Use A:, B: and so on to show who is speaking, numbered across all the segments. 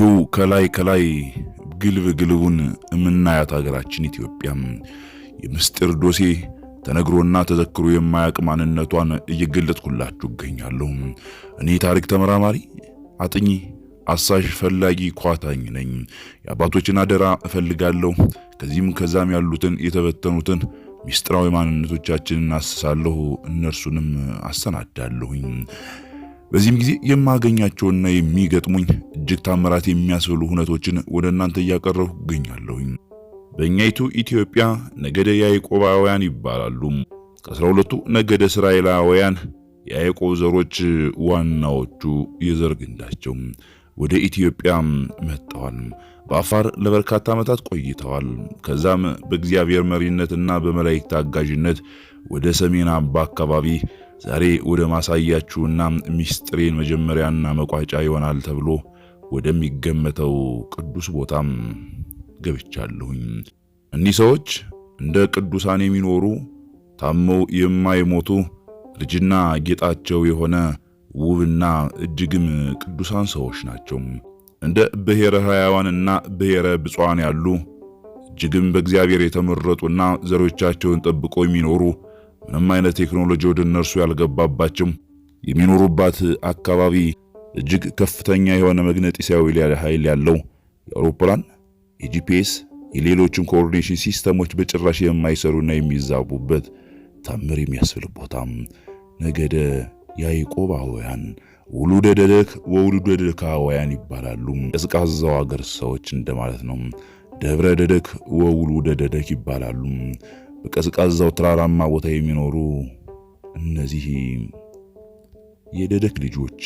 A: ይሁ ከላይ ከላይ ግልብ ግልቡን የምናያት ሀገራችን ኢትዮጵያም የምስጢር ዶሴ ተነግሮና ተዘክሮ የማያውቅ ማንነቷን እየገለጥኩላችሁ እገኛለሁ። እኔ ታሪክ ተመራማሪ፣ አጥኚ፣ አሳሽ፣ ፈላጊ፣ ኳታኝ ነኝ። የአባቶችን አደራ እፈልጋለሁ። ከዚህም ከዛም ያሉትን የተበተኑትን ሚስጥራዊ ማንነቶቻችንን አስሳለሁ፣ እነርሱንም አሰናዳለሁኝ። በዚህም ጊዜ የማገኛቸውና የሚገጥሙኝ እጅግ ታምራት የሚያስብሉ ሁነቶችን ወደ እናንተ እያቀረብኩ እገኛለሁኝ። በእኛይቱ ኢትዮጵያ ነገደ ያዕቆባውያን ይባላሉ። ከአስራ ሁለቱ ነገደ እስራኤላውያን የያዕቆብ ዘሮች ዋናዎቹ የዘር ግንዳቸው ወደ ኢትዮጵያ መጥተዋል። በአፋር ለበርካታ ዓመታት ቆይተዋል። ከዛም በእግዚአብሔር መሪነትና በመላእክት አጋዥነት ወደ ሰሜን አምባ አካባቢ ዛሬ ወደ ማሳያችሁና ሚስጥሬን መጀመሪያና መቋጫ ይሆናል ተብሎ ወደሚገመተው ቅዱስ ቦታም ገብቻለሁኝ። እኒህ ሰዎች እንደ ቅዱሳን የሚኖሩ ታመው የማይሞቱ ልጅና ጌጣቸው የሆነ ውብና እጅግም ቅዱሳን ሰዎች ናቸው። እንደ ብሔረ ሕያዋንና ብሔረ ብፁዓን ያሉ እጅግም በእግዚአብሔር የተመረጡና ዘሮቻቸውን ጠብቆ የሚኖሩ ምንም አይነት ቴክኖሎጂ ወደ እነርሱ ያልገባባቸው የሚኖሩባት አካባቢ እጅግ ከፍተኛ የሆነ መግነጢሳዊ ኃይል ያለው የአውሮፕላን የጂፒኤስ የሌሎችን ኮኦርዲኔሽን ሲስተሞች በጭራሽ የማይሰሩና የሚዛቡበት ታምር የሚያስብል ቦታም ነገደ አውያን ውሉደ ደደክ ወውሉደ ደደካውያን ይባላሉ። ቀዝቃዛው አገር ሰዎች እንደማለት ነው። ደብረ ደደክ ወውሉደ ደደክ ይባላሉ። በቀዝቃዛው ተራራማ ቦታ የሚኖሩ እነዚህ የደደክ ልጆች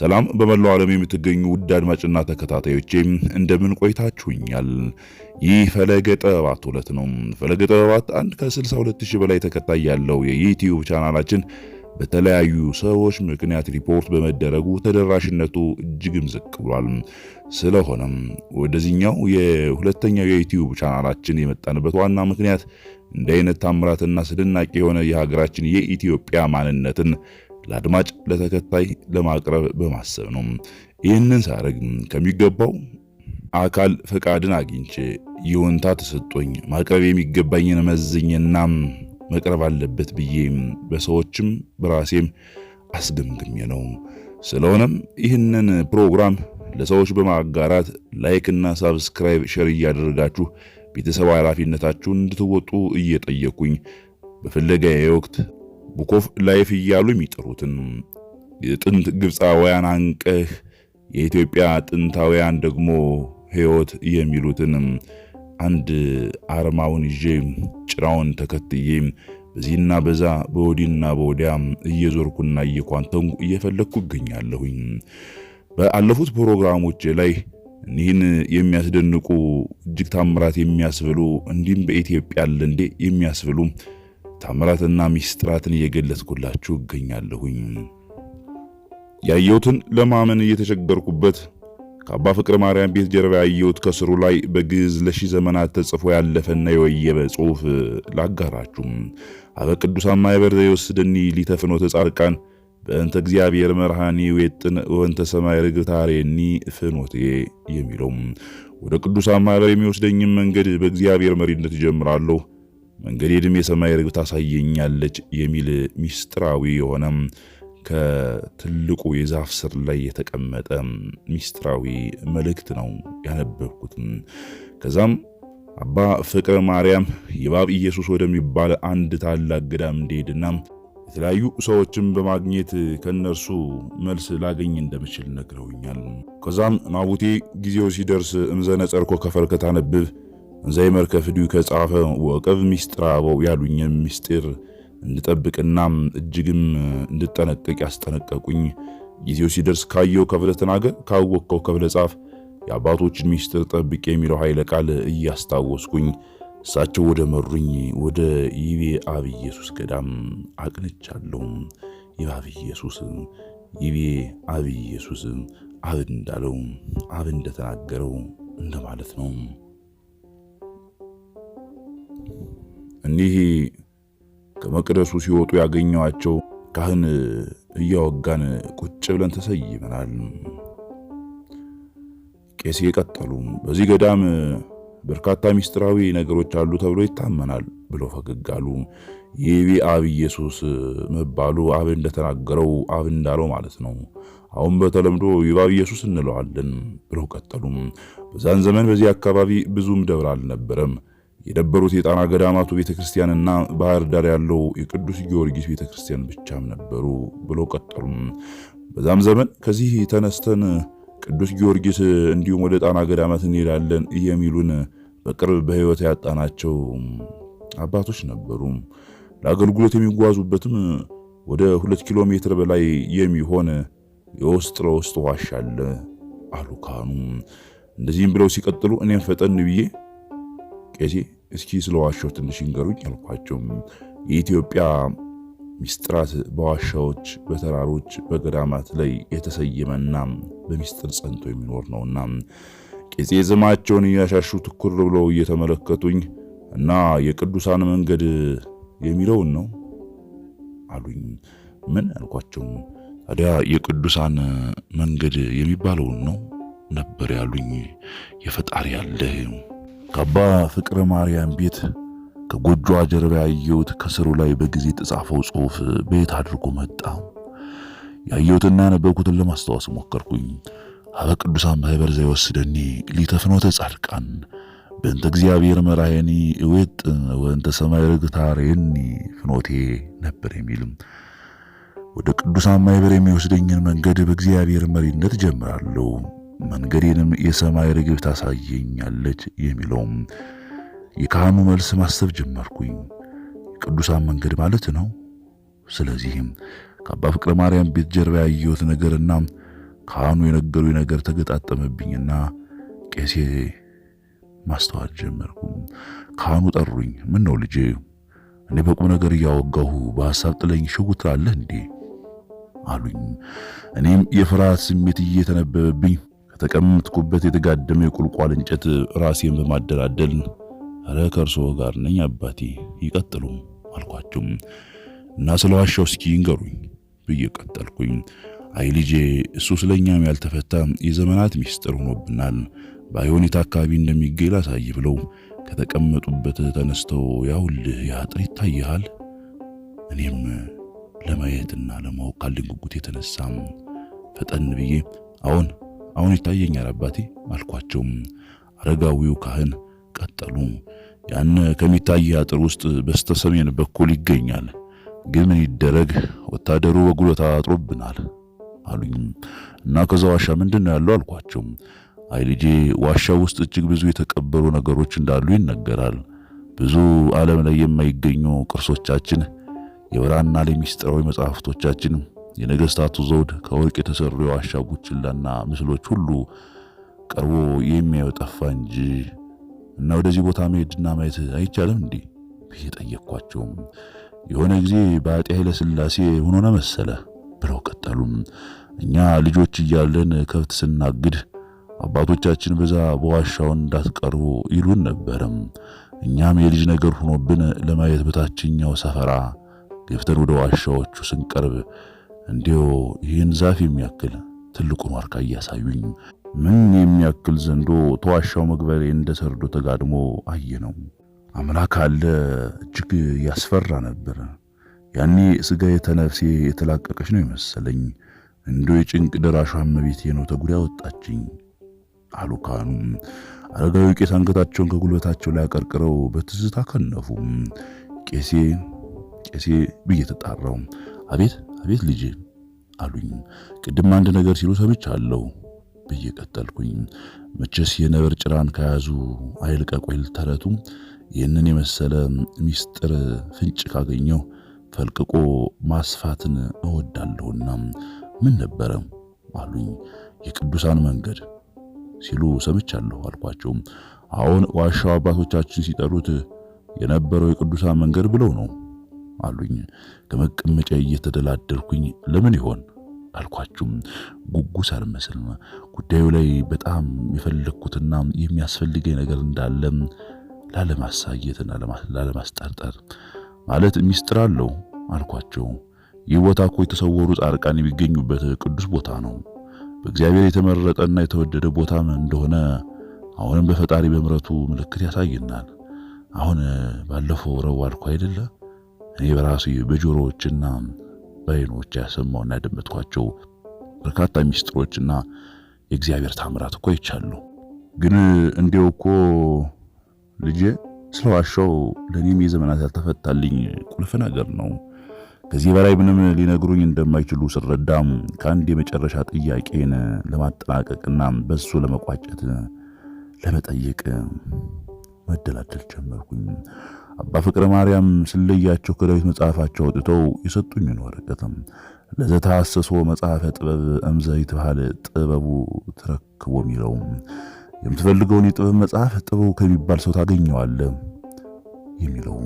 A: ሰላም በመላው ዓለም የምትገኙ ውድ አድማጭና ተከታታዮቼ እንደምን ቆይታችሁኛል? ይህ ፈለገ ጥበባት ሁለት ነው። ፈለገ ጥበባት አንድ ከ62000 በላይ ተከታይ ያለው የዩቲዩብ ቻናላችን በተለያዩ ሰዎች ምክንያት ሪፖርት በመደረጉ ተደራሽነቱ እጅግም ዝቅ ብሏል። ስለሆነም ወደዚህኛው የሁለተኛው የዩቲዩብ ቻናላችን የመጣንበት ዋና ምክንያት እንደ አይነት ታምራትና አስደናቂ የሆነ የሀገራችን የኢትዮጵያ ማንነትን ለአድማጭ ለተከታይ ለማቅረብ በማሰብ ነው። ይህንን ሳረግ ከሚገባው አካል ፈቃድን አግኝቼ ይሁንታ ተሰጦኝ ማቅረብ የሚገባኝን መዝኝና መቅረብ አለበት ብዬ በሰዎችም በራሴም አስገምግሜ ነው። ስለሆነም ይህንን ፕሮግራም ለሰዎች በማጋራት ላይክ እና ሳብስክራይብ ሸር እያደረጋችሁ ቤተሰብ ኃላፊነታችሁን እንድትወጡ እየጠየኩኝ በፍለጋዬ ወቅት ቡክ ኦፍ ላይፍ እያሉ የሚጠሩትን የጥንት ግብፃውያን አንቀህ የኢትዮጵያ ጥንታውያን ደግሞ ሕይወት የሚሉትን አንድ አርማውን ይዤ ጭራውን ተከትዬ በዚህና በዛ በወዲና በወዲያ እየዞርኩና እየኳንተንኩ እየፈለግኩ እገኛለሁኝ። በአለፉት ፕሮግራሞች ላይ እኒህን የሚያስደንቁ እጅግ ታምራት የሚያስብሉ እንዲህም በኢትዮጵያ አለ እንዴ የሚያስብሉ ታምራትና ሚስጥራትን እየገለጽኩላችሁ እገኛለሁኝ። ያየሁትን ለማመን እየተቸገርኩበት ከአባ ፍቅረ ማርያም ቤት ጀርባ ያየሁት ከስሩ ላይ በግዕዝ ለሺህ ዘመናት ተጽፎ ያለፈና የወየበ ጽሑፍ ላጋራችሁም። አበ ቅዱሳን ማኅበር ዘየወስደኒ ሊተፍኖተ ጻድቃን በእንተ እግዚአብሔር መርሃኒ ወየጥን ወእንተ ሰማይ ርግታሬኒ ፍኖቴ የሚለው ወደ ቅዱሳን ማኅበር የሚወስደኝም መንገድ በእግዚአብሔር መሪነት እጀምራለሁ መንገድ የሰማይ ርግብ ታሳየኛለች የሚል ሚስጥራዊ የሆነም ከትልቁ የዛፍ ስር ላይ የተቀመጠ ሚስጥራዊ መልእክት ነው ያነበብኩት። ከዛም አባ ፍቅረ ማርያም የባብ ኢየሱስ ወደሚባል አንድ ታላቅ ገዳም እንደሄድና የተለያዩ ሰዎችን በማግኘት ከእነርሱ መልስ ላገኝ እንደምችል ነግረውኛል። ከዛም ማቡቴ ጊዜው ሲደርስ ጸርኮ ከፈር ከታነብብ እንዘይ መርከፍዱ ከጻፈ ወቀብ ሚስጥር አበው ያሉኝም ሚስጢር እንድጠብቅና እጅግም እንድጠነቀቅ ያስጠነቀቁኝ ጊዜው ሲደርስ ካየው ከብለ ተናገር ካወቅከው ከብለ ጻፍ የአባቶችን ሚስጥር ጠብቅ የሚለው ኃይለ ቃል እያስታወስኩኝ እሳቸው ወደ መሩኝ ወደ ይቤ አብ ኢየሱስ ገዳም አቅንቻለሁ። ይባብ ኢየሱስ ይቤ አብ ኢየሱስ አብ እንዳለው አብ እንደተናገረው እንደማለት ነው። እኒህ ከመቅደሱ ሲወጡ ያገኘዋቸው ካህን እያወጋን ቁጭ ብለን ተሰይመናል። ቄሴ ቀጠሉም፣ በዚህ ገዳም በርካታ ሚስጥራዊ ነገሮች አሉ ተብሎ ይታመናል ብለው ፈገግ አሉ። ይቤ አብ ኢየሱስ መባሉ አብ እንደተናገረው አብ እንዳለው ማለት ነው። አሁን በተለምዶ ይባብ ኢየሱስ እንለዋለን ብለው ቀጠሉም። በዛን ዘመን በዚህ አካባቢ ብዙም ደብር አልነበረም። የደበሩት የጣና ገዳማቱ ቤተክርስቲያንና ባህር ዳር ያለው የቅዱስ ጊዮርጊስ ቤተክርስቲያን ብቻም ነበሩ ብለው ቀጠሉም። በዛም ዘመን ከዚህ ተነስተን ቅዱስ ጊዮርጊስ እንዲሁም ወደ ጣና ገዳማት እንሄዳለን የሚሉን በቅርብ በህይወት ያጣናቸው አባቶች ነበሩ። ለአገልግሎት የሚጓዙበትም ወደ ሁለት ኪሎ ሜትር በላይ የሚሆን የውስጥ ለውስጥ ዋሻ አለ አሉ ካህኑ። እንደዚህም ብለው ሲቀጥሉ እኔም ፈጠን ብዬ ቄሴ እስኪ ስለዋሻው ትንሽ ይንገሩኝ አልኳቸውም። የኢትዮጵያ ሚስጥራት በዋሻዎች በተራሮች በገዳማት ላይ የተሰየመና በሚስጥር ጸንቶ የሚኖር ነውና ቄጼ ዝማቸውን እያሻሹ ትኩር ብለው እየተመለከቱኝ እና የቅዱሳን መንገድ የሚለውን ነው አሉኝ። ምን አልኳቸው። ታዲያ የቅዱሳን መንገድ የሚባለውን ነው ነበር ያሉኝ። የፈጣሪ ያለህ ከአባ ፍቅረ ማርያም ቤት ከጎጆዋ ጀርባ ያየሁት ከስሩ ላይ በጊዜ የተጻፈው ጽሑፍ ቤት አድርጎ መጣ? ያየሁትና ያነበብኩትን ለማስታወስ ሞከርኩኝ። አበ ቅዱሳን ማህበር ዘይወስደኒ ሊተፍኖተ ጻድቃን በእንተ እግዚአብሔር መራየኒ እዌጥ ወእንተ ሰማይ ርግታሬኒ ፍኖቴ ነበር የሚልም ወደ ቅዱሳን ማህበር የሚወስደኝን መንገድ በእግዚአብሔር መሪነት ጀምራለሁ መንገዴንም የሰማይ ርግብ ታሳየኛለች የሚለውም የካህኑ መልስ ማሰብ ጀመርኩኝ። የቅዱሳን መንገድ ማለት ነው። ስለዚህም ከአባ ፍቅረ ማርያም ቤት ጀርባ ያየሁት ነገርና ካህኑ የነገሩ ነገር ተገጣጠመብኝና ቄሴ ማስተዋል ጀመርኩ። ካህኑ ጠሩኝ። ምን ነው ልጄ፣ እኔ በቁም ነገር እያወጋሁ በሐሳብ ጥለኝ ሽው ትላለህ እንዴ አሉኝ። እኔም የፍርሃት ስሜት እየተነበበብኝ ከተቀመጥኩበት የተጋደመ የቁልቋል እንጨት ራሴን በማደላደል ኧረ ከእርስዎ ጋር ነኝ አባቴ ይቀጥሉ አልኳቸው እና ዋሻው እስኪ ይንገሩኝ ብዬ ቀጠልኩኝ። አይ ልጄ እሱ ስለኛም ያልተፈታ የዘመናት ሚስጥር ሆኖብናል። ባይሆን የት አካባቢ እንደሚገኝ ላሳይ ብለው ከተቀመጡበት ተነስተው ያውልህ የአጥር ይታይሃል። እኔም ለማየትና ለማወቅ ካለኝ ጉጉት የተነሳም ፈጠን ብዬ አሁን አሁን ይታየኛል አባቴ አልኳቸውም። አረጋዊው ካህን ቀጠሉ። ያን ከሚታይ አጥር ውስጥ በስተሰሜን በኩል ይገኛል። ግን ምን ይደረግ ወታደሩ በጉልበት አጥሮብናል አሉኝ እና ከዛ ዋሻ ምንድን ነው ያለው አልኳቸው። አይ ልጄ ዋሻው ውስጥ እጅግ ብዙ የተቀበሩ ነገሮች እንዳሉ ይነገራል። ብዙ ዓለም ላይ የማይገኙ ቅርሶቻችን የብራና ላይ ሚስጥራዊ መጽሐፍቶቻችን የነገስታቱ ዘውድ ከወርቅ የተሰሩ የዋሻ ጉችላና ምስሎች ሁሉ ቀርቦ የሚያየው ጠፋ እንጂ እና ወደዚህ ቦታ መሄድና ማየት አይቻልም እንዴ ብዬ ጠየቅኳቸውም። የሆነ ጊዜ በአጤ ኃይለ ስላሴ ሆኖነ መሰለ ብለው ቀጠሉም። እኛ ልጆች እያለን ከብት ስናግድ አባቶቻችን በዛ በዋሻውን እንዳትቀርቡ ይሉን ነበርም። እኛም የልጅ ነገር ሆኖብን ለማየት በታችኛው ሰፈራ ገብተን ወደ ዋሻዎቹ ስንቀርብ እንዲው ይህን ዛፍ የሚያክል ትልቁን ዋርካ እያሳዩኝ ምን የሚያክል ዘንዶ ተዋሻው መግበሬ እንደ ሰርዶ ተጋድሞ አየ ነው። አምላክ አለ እጅግ ያስፈራ ነበር። ያኔ ስጋዬ ተነፍሴ የተላቀቀች ነው የመሰለኝ። እንዶ የጭንቅ ደራሿ እመቤቴ ነው ተጉዳ ወጣችኝ አሉ አረጋዊ ቄስ አንገታቸውን ከጉልበታቸው ላይ አቀርቅረው በትዝታ ከነፉ። ቄሴ ቄሴ ብዬ ተጣራው። አቤት አቤት ልጄ አሉኝ። ቅድም አንድ ነገር ሲሉ ሰምቻለሁ ብዬ ቀጠልኩኝ። መቼስ የነብር ጭራን ከያዙ አይልቀቆይል ተረቱ ይህንን የመሰለ ሚስጥር ፍንጭ ካገኘው ፈልቅቆ ማስፋትን እወዳለሁና ምን ነበረ አሉኝ። የቅዱሳን መንገድ ሲሉ ሰምቻለሁ አልኳቸው። አሁን ዋሻው አባቶቻችን ሲጠሩት የነበረው የቅዱሳን መንገድ ብለው ነው አሉኝ። ከመቀመጫ እየተደላደርኩኝ ለምን ይሆን አልኳችሁም። ጉጉስ አልመስልም። ጉዳዩ ላይ በጣም የፈለግኩትና የሚያስፈልገኝ ነገር እንዳለም ላለማሳየትና ላለማስጠርጠር ማለት ሚስጥር አለው አልኳቸው። ይህ ቦታ እኮ የተሰወሩ ጻድቃን የሚገኙበት ቅዱስ ቦታ ነው። በእግዚአብሔር የተመረጠና የተወደደ ቦታም እንደሆነ አሁንም በፈጣሪ በምረቱ ምልክት ያሳይናል። አሁን ባለፈው ረቡዕ አልኩ አይደለም። እኔ በራሴ በጆሮዎችና በአይኖች ያሰማውና ያደመጥኳቸው በርካታ ሚስጥሮችና የእግዚአብሔር ታምራት እኮ ይቻሉ። ግን እንዲያው እኮ ልጄ ስለዋሻው ለእኔም የዘመናት ያልተፈታልኝ ቁልፍ ነገር ነው። ከዚህ በላይ ምንም ሊነግሩኝ እንደማይችሉ ስረዳም ከአንድ የመጨረሻ ጥያቄን ለማጠናቀቅና በሱ ለመቋጨት ለመጠየቅ መደላደል ጀመርኩኝ። አባ ፍቅረ ማርያም ስለያቸው ከዳዊት መጽሐፋቸው አውጥተው የሰጡኝን ወረቀትም ለዘታሰሶ መጽሐፈ ጥበብ እምዘ ይትበሃል ጥበቡ ትረክቦ የሚለው የምትፈልገውን የጥበብ መጽሐፍ ጥበቡ ከሚባል ሰው ታገኘዋለ የሚለው።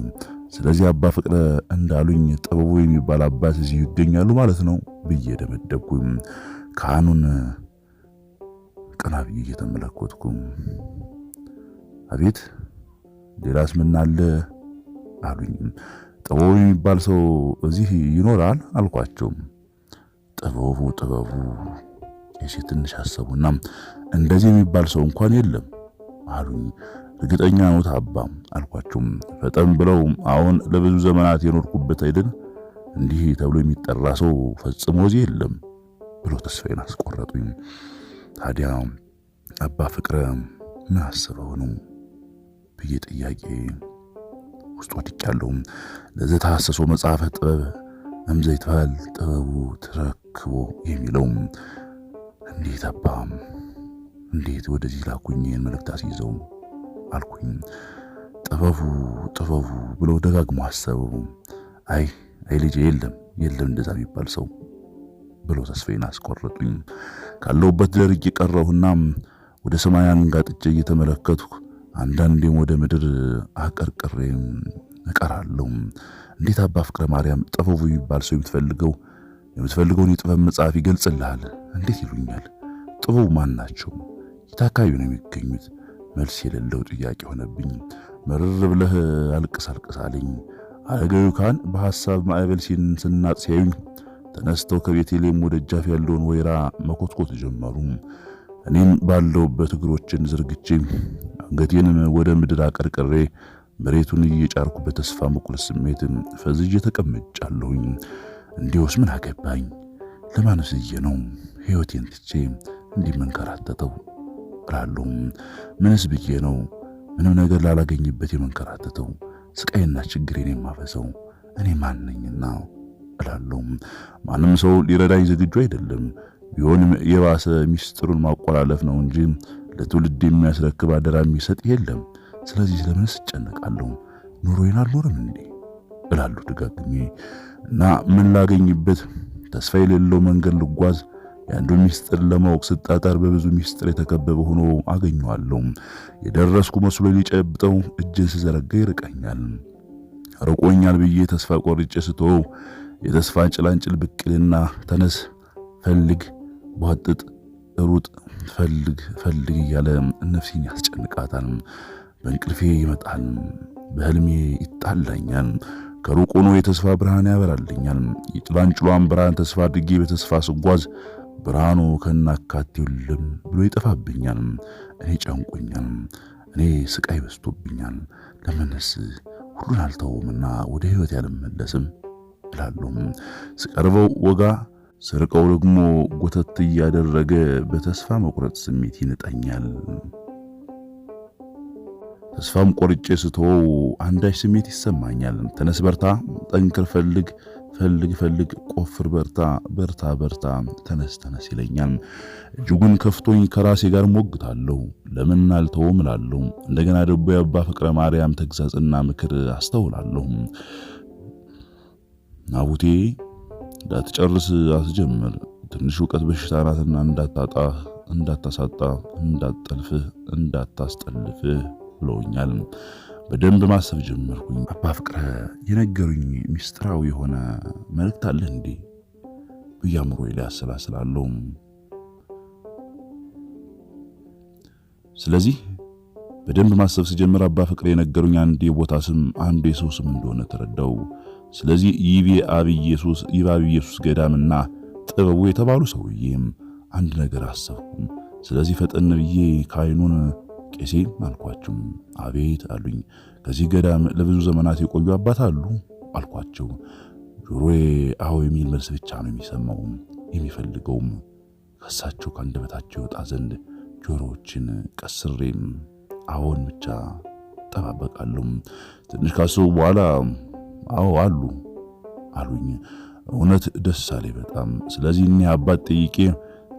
A: ስለዚህ አባ ፍቅረ እንዳሉኝ ጥበቡ የሚባል አባት እዚህ ይገኛሉ ማለት ነው ብዬ ደመደብኩኝ። ካህኑን ቀና ብዬ እየተመለከትኩም አቤት ሌላስ ምን አለ አሉኝ። ጥበቡ የሚባል ሰው እዚህ ይኖራል አልኳቸውም። ጥበቡ ጥበቡ እሺ ትንሽ አሰቡና እንደዚህ የሚባል ሰው እንኳን የለም አሉኝ። እርግጠኛ ነው ታባ አልኳቸውም። ፈጠን ብለው አሁን ለብዙ ዘመናት የኖርኩበት አይደል እንዲህ ተብሎ የሚጠራ ሰው ፈጽሞ እዚህ የለም ብሎ ተስፋዬን አስቆረጡኝ። ታዲያ አባ ፍቅረ ምን አስበው ነው ብዬ ጥያቄ ውስጥ ወድቅ ያለው ለዚህ ታሰሶ መጽሐፈ ጥበብ መምዘይ ትባል ጥበቡ ተረክቦ የሚለው እንዴት አባም እንዴት ወደዚህ ላኩኝ ይህን መልእክት አስይዘው አልኩኝ። ጥበቡ ጥበቡ ብሎ ደጋግሞ አሰበው። አይ አይ ልጄ የለም የለም እንደዛ የሚባል ሰው ብሎ ተስፋዬን አስቆረጡኝ። ካለሁበት ደርቄ ቀረሁና ወደ ሰማይ አንጋጥጬ እየተመለከትኩ አንዳንዴም ወደ ምድር አቀርቅሬ እቀራለሁ። እንዴት አባ ፍቅረ ማርያም ጥበቡ የሚባል ሰው የምትፈልገው የምትፈልገውን የጥበብ መጽሐፍ ይገልጽልሃል እንዴት ይሉኛል። ጥበቡ ማን ናቸው? የት አካባቢ ነው የሚገኙት? መልስ የሌለው ጥያቄ ሆነብኝ። መርር ብለህ አልቅስ አልቅስ አለኝ። አረጋዊው ካህን በሐሳብ ማዕበል ስናጥ ሲያዩኝ ተነስተው ከቤተልሔም ወደ ደጃፍ ያለውን ወይራ መኮትኮት ጀመሩ። እኔም ባለውበት እግሮችን ዘርግቼ አንገቴን ወደ ምድር አቀርቅሬ መሬቱን እየጫርኩ በተስፋ መቁረጥ ስሜት ፈዝዤ ተቀምጫለሁኝ። እንዲሁስ ምን አገባኝ? ለማነስዬ ነው ሕይወቴን ትቼ እንዲመንከራተተው እላለሁ። ምንስ ብዬ ነው ምንም ነገር ላላገኝበት የመንከራተተው ስቃይና ችግሬን የማፈሰው እኔ ማንነኝና ነኝና እላለሁ። ማንም ሰው ሊረዳኝ ዝግጁ አይደለም። ቢሆንም የባሰ ሚስጥሩን ማቆላለፍ ነው እንጂ ለትውልድ የሚያስረክብ አደራ የሚሰጥ የለም። ስለዚህ ለምንስ እጨነቃለሁ? ኑሮዬን አልኖርም እንዴ እላለሁ ድጋግሜ እና ምን ላገኝበት ተስፋ የሌለው መንገድ ልጓዝ የአንዱ ሚስጥር ለማወቅ ስጣጣር በብዙ ሚስጥር የተከበበ ሆኖ አገኘዋለሁ። የደረስኩ መስሎ ሊጨብጠው እጅን ስዘረጋ ይርቀኛል። ርቆኛል ብዬ ተስፋ ቆርጬ ስቶ የተስፋ ጭላንጭል ብቅልና ተነስ ፈልግ ቧጥጥ ሩጥ ፈልግ ፈልግ እያለ ነፍሴን ያስጨንቃታል። በእንቅልፌ ይመጣል፣ በህልሜ ይጣላኛል። ከሩቅ ሆኖ የተስፋ ብርሃን ያበራልኛል። የጭላንጭሏን ብርሃን ተስፋ አድርጌ በተስፋ ስጓዝ ብርሃኑ ከናካቴው ልም ብሎ ይጠፋብኛል። እኔ ጨንቆኛል፣ እኔ ስቃይ በዝቶብኛል። ለምንስ ሁሉን አልተውምና ወደ ህይወት ያልመለስም እላለሁ ስቀርበው ወጋ ስርቀው ደግሞ ጎተት እያደረገ በተስፋ መቁረጥ ስሜት ይንጠኛል። ተስፋም ቆርጬ ስተወው አንዳች ስሜት ይሰማኛል። ተነስ፣ በርታ፣ ጠንክር፣ ፈልግ ፈልግ ፈልግ፣ ቆፍር፣ በርታ በርታ በርታ፣ ተነስ ተነስ ይለኛል። እጅጉን ከፍቶኝ ከራሴ ጋር ሞግታለሁ። ለምን አልተውም እላለሁ። እንደገና ደግሞ የአባ ፍቅረ ማርያም ተግሳጽና ምክር አስተውላለሁ። ናቡቴ እንዳትጨርስ አስጀምር። ትንሽ እውቀት በሽታ ናትና እንዳታጣ እንዳታሳጣ እንዳትጠልፍህ፣ እንዳታስጠልፍህ ብለውኛል። በደንብ ማሰብ ጀመርኩኝ። አባ ፍቅረ የነገሩኝ ሚስጥራዊ የሆነ መልእክት አለ እንዴ ብያምሮ አእምሮዬ ስለዚህ በደንብ ማሰብ ስጀምር አባ ፍቅረ የነገሩኝ አንድ የቦታ ስም፣ አንዱ የሰው ስም እንደሆነ ተረዳው። ስለዚህ ይቤ አብ ኢየሱስ ይባብ ኢየሱስ ገዳምና ጥበቡ የተባሉ ሰውዬም አንድ ነገር አሰብኩም። ስለዚህ ፈጠን ብዬ ካይኑን ቄሴ አልኳቸው። አቤት አሉኝ። ከዚህ ገዳም ለብዙ ዘመናት የቆዩ አባት አሉ አልኳቸው። ጆሮዬ አዎ የሚል መልስ ብቻ ነው የሚሰማው የሚፈልገውም ከሳቸው ከአንደበታቸው ይወጣ ዘንድ ጆሮዎችን ቀስሬም አዎን ብቻ ጠባበቃለሁ። ትንሽ ካሰቡ በኋላ አዎ አሉ አሉኝ። እውነት ደስ አለኝ በጣም። ስለዚህ እኒህ አባት ጠይቄ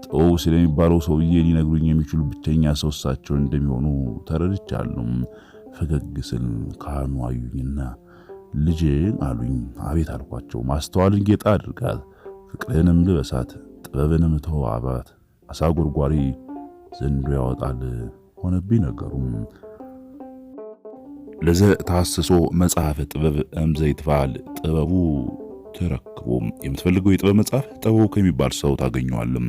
A: ጠው ስለሚባለው ሰውዬ ሊነግሩኝ የሚችሉ ብቸኛ ሰው እሳቸው እንደሚሆኑ ተረድቻለሁ። ፈገግ ስል ካህኑ አዩኝና ልጅን አሉኝ። አቤት አልኳቸው። ማስተዋልን ጌጣ አድርጋት፣ ፍቅርንም ልበሳት፣ ጥበብንም አባት። አሳ ጎርጓሪ ዘንዶ ያወጣል ሆነብኝ ነገሩም። ለዘ ታስሶ መጽሐፈ ጥበብ እምዘይትባል ጥበቡ ተረክቦ የምትፈልገው የጥበብ መጽሐፍ ጥበቡ ከሚባል ሰው ታገኘዋለም።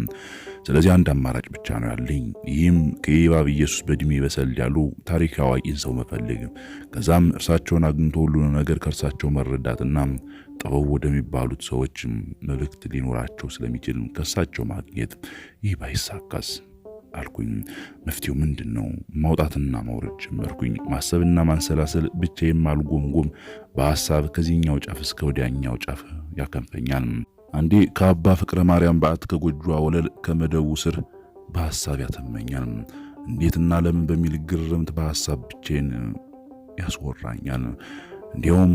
A: ስለዚህ አንድ አማራጭ ብቻ ነው ያለኝ። ይህም ከይባብ ኢየሱስ በእድሜ በሰል ያሉ ታሪክ አዋቂን ሰው መፈልግ፣ ከዛም እርሳቸውን አግኝቶ ሁሉን ነገር ከእርሳቸው መረዳትና ጥበቡ ወደሚባሉት ሰዎች መልእክት ሊኖራቸው ስለሚችል ከእሳቸው ማግኘት። ይህ ባይሳካስ አልኩኝ። መፍትሄው ምንድን ነው? ማውጣትና ማውረድ ጀመርኩኝ። ማሰብና ማንሰላሰል ብቻ አልጎምጎም በሀሳብ ከዚህኛው ጫፍ እስከ ወዲያኛው ጫፍ ያከንፈኛል። አንዴ ከአባ ፍቅረ ማርያም በዓት ከጎጇ ወለል ከመደቡ ስር በሀሳብ ያተመኛል። እንዴትና ለምን በሚል ግርምት በሀሳብ ብቻዬን ያስወራኛል። እንዲያውም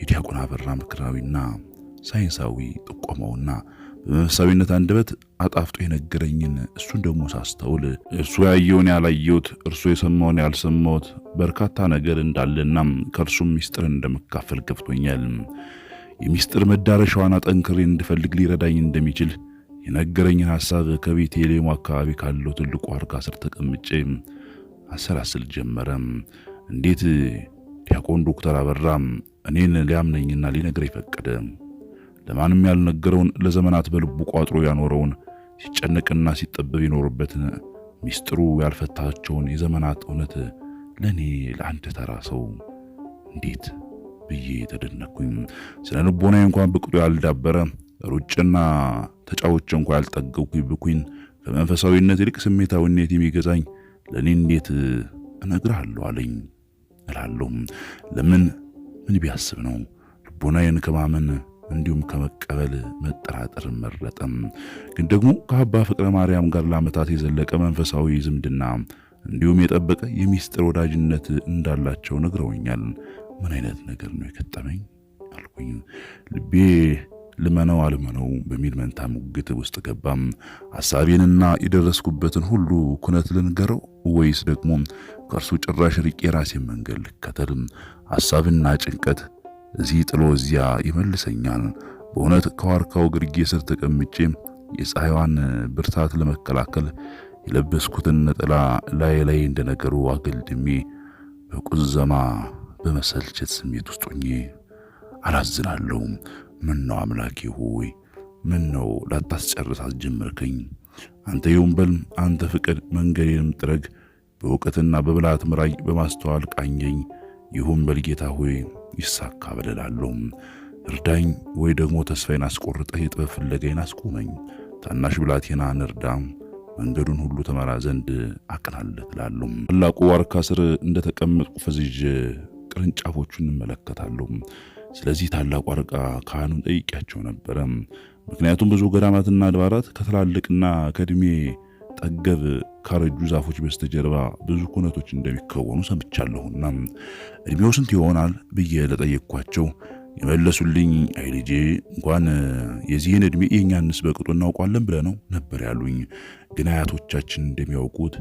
A: የዲያቆን አበራ ምክራዊና ሳይንሳዊ ጥቆመውና በመንፈሳዊነት አንደበት አጣፍጦ የነገረኝን እሱን ደግሞ ሳስተውል እርሱ ያየውን ያላየሁት እርሱ የሰማውን ያልሰማሁት በርካታ ነገር እንዳለና ከእርሱም ሚስጥር እንደመካፈል ገብቶኛል። የሚስጥር መዳረሻዋን አጠንክሬ እንድፈልግ ሊረዳኝ እንደሚችል የነገረኝን ሐሳብ ሌሞ አካባቢ ካለው ትልቁ አርጋ ስር ተቀምጬ አሰላስል ጀመረ። እንዴት ዲያቆን ዶክተር አበራ እኔን ሊያምነኝና ሊነግረኝ ፈቀደ? ለማንም ያልነገረውን ለዘመናት በልቡ ቋጥሮ ያኖረውን ሲጨነቅና ሲጠበብ የኖረበትን ሚስጥሩ ያልፈታቸውን የዘመናት እውነት ለእኔ ለአንድ ተራ ሰው እንዴት ብዬ ተደነኩኝ። ስነ ልቦና እንኳን በቅጡ ያልዳበረ ሩጭና ተጫዎች እንኳ ያልጠገብኩ ብኩኝ ከመንፈሳዊነት ይልቅ ስሜታዊነት የሚገዛኝ ለእኔ እንዴት እነግርሃለሁ አለኝ እላለሁ። ለምን ምን ቢያስብ ነው ልቦናዬን ከማመን እንዲሁም ከመቀበል መጠራጠር መረጠም። ግን ደግሞ ከአባ ፍቅረ ማርያም ጋር ለዓመታት የዘለቀ መንፈሳዊ ዝምድና እንዲሁም የጠበቀ የሚስጥር ወዳጅነት እንዳላቸው ነግረውኛል። ምን አይነት ነገር ነው የገጠመኝ አልኩኝ። ልቤ ልመነው አልመነው በሚል መንታ ሙግት ውስጥ ገባም። ሐሳቤንና የደረስኩበትን ሁሉ ኩነት ልንገረው ወይስ ደግሞ ከእርሱ ጭራሽ ርቄ ራሴን መንገድ ልከተል? ሐሳብና ጭንቀት እዚህ ጥሎ እዚያ ይመልሰኛል። በእውነት ከዋርካው ግርጌ ስር ተቀምጬ የፀሐይዋን ብርታት ለመከላከል የለበስኩትን ነጠላ ላይ ላይ እንደነገሩ አገልድሜ በቁዘማ በመሰልቸት ስሜት ውስጥ ሆኜ አላዝናለሁ። ምን ነው አምላኬ ሆይ ምን ነው ላታስጨርስ አስጀመርከኝ? አንተ ይውንበል፣ አንተ ፍቅድ፣ መንገዴንም ጥረግ፣ በእውቀትና በብልሃት ምራኝ፣ በማስተዋል ቃኘኝ። ይሁን በል ጌታ ሆይ ይሳካ በደላለሁ። እርዳኝ ወይ ደግሞ ተስፋዬን አስቆርጠህ የጥበብ ፍለጋዬን አስቆመኝ። ታናሽ ብላቴናን እርዳ መንገዱን ሁሉ ተመራ ዘንድ አቅናለት እላለሁ። ታላቁ ዋርካ ስር እንደተቀመጥኩ ፈዝዥ ቅርንጫፎቹን እንመለከታለሁ። ስለዚህ ታላቁ ዋርካ ካህኑን ጠይቄያቸው ነበረ። ምክንያቱም ብዙ ገዳማትና አድባራት ከትላልቅና ከእድሜ ጠገብ ካረጁ ዛፎች በስተጀርባ ብዙ ኩነቶች እንደሚከወኑ ሰምቻለሁና እድሜው ስንት ይሆናል ብዬ ለጠየቅኳቸው የመለሱልኝ አይ ልጄ እንኳን የዚህን እድሜ የእኛንስ በቅጡ እናውቋለን ብለ ነው ነበር ያሉኝ። ግን አያቶቻችን እንደሚያውቁት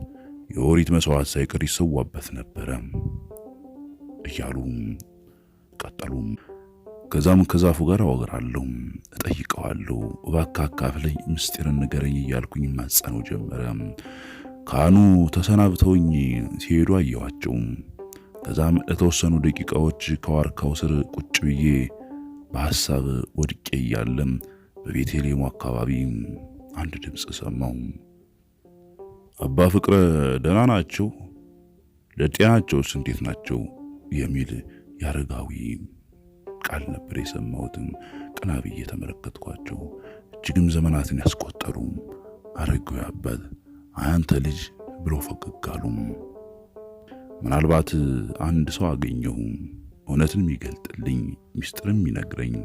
A: የኦሪት መስዋዕት ሳይቀር ይሰዋበት ነበረ እያሉ ቀጠሉም። ከዛም ከዛፉ ጋር አወግራለሁ፣ እጠይቀዋለሁ። እባክህ አካፍለኝ፣ ምስጢርን ንገረኝ እያልኩኝ ማጸነው ጀመረ። ካህኑ ተሰናብተውኝ ሲሄዱ አየኋቸው። ከዛም ለተወሰኑ ደቂቃዎች ከዋርካው ስር ቁጭ ብዬ በሐሳብ ወድቄ እያለም በቤተልሔሙ አካባቢ አንድ ድምፅ ሰማው። አባ ፍቅረ ደህና ናቸው? ለጤናቸውስ እንዴት ናቸው? የሚል ያረጋዊ ቃል ነበር የሰማሁትም ቀና ብዬ ተመለከትኳቸው። እጅግም ዘመናትን ያስቆጠሩ አረጋዊ አባት አያንተ ልጅ ብለው ፈገግ አሉ። ምናልባት አንድ ሰው አገኘሁም እውነትን የሚገልጥልኝ ሚስጥርም ይነግረኝ።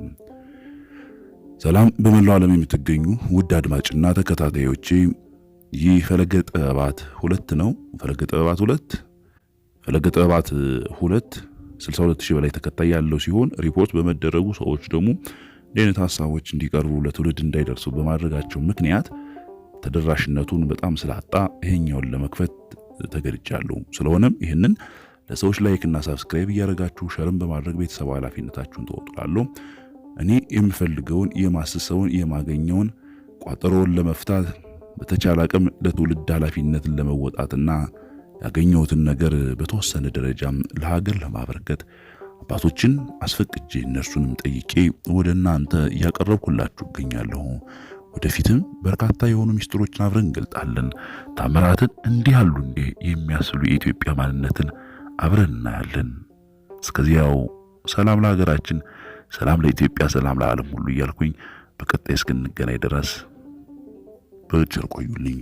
A: ሰላም በመላው ዓለም የምትገኙ ውድ አድማጭና ተከታታዮቼ ይህ ፈለገ ጥበባት ሁለት ነው። ፈለገ ጥበባት ሁለት ፈለገ ጥበባት ሁለት 62000 በላይ ተከታይ ያለው ሲሆን ሪፖርት በመደረጉ ሰዎች ደግሞ እንዲህ አይነት ሀሳቦች እንዲቀርቡ ለትውልድ እንዳይደርሱ በማድረጋቸው ምክንያት ተደራሽነቱን በጣም ስላጣ ይሄኛውን ለመክፈት ተገድጃለሁ። ስለሆነም ይህንን ለሰዎች ላይክ እና ሳብስክራይብ እያደረጋችሁ ሸርም በማድረግ ቤተሰብ ኃላፊነታችሁን ተወጡላለሁ። እኔ የምፈልገውን የማስሰውን የማገኘውን ቋጠሮውን ለመፍታት በተቻለ አቅም ለትውልድ ኃላፊነትን ለመወጣትና ያገኘሁትን ነገር በተወሰነ ደረጃም ለሀገር ለማበረከት አባቶችን አስፈቅጄ እነርሱንም ጠይቄ ወደ እናንተ እያቀረብኩላችሁ እገኛለሁ። ወደፊትም በርካታ የሆኑ ሚስጢሮችን አብረን እንገልጣለን። ታምራትን እንዲህ አሉ እንዴ የሚያስሉ የኢትዮጵያ ማንነትን አብረን እናያለን። እስከዚያው ሰላም ለሀገራችን፣ ሰላም ለኢትዮጵያ፣ ሰላም ለዓለም ሁሉ እያልኩኝ በቀጣይ እስክንገናኝ ድረስ በቸር ቆዩልኝ።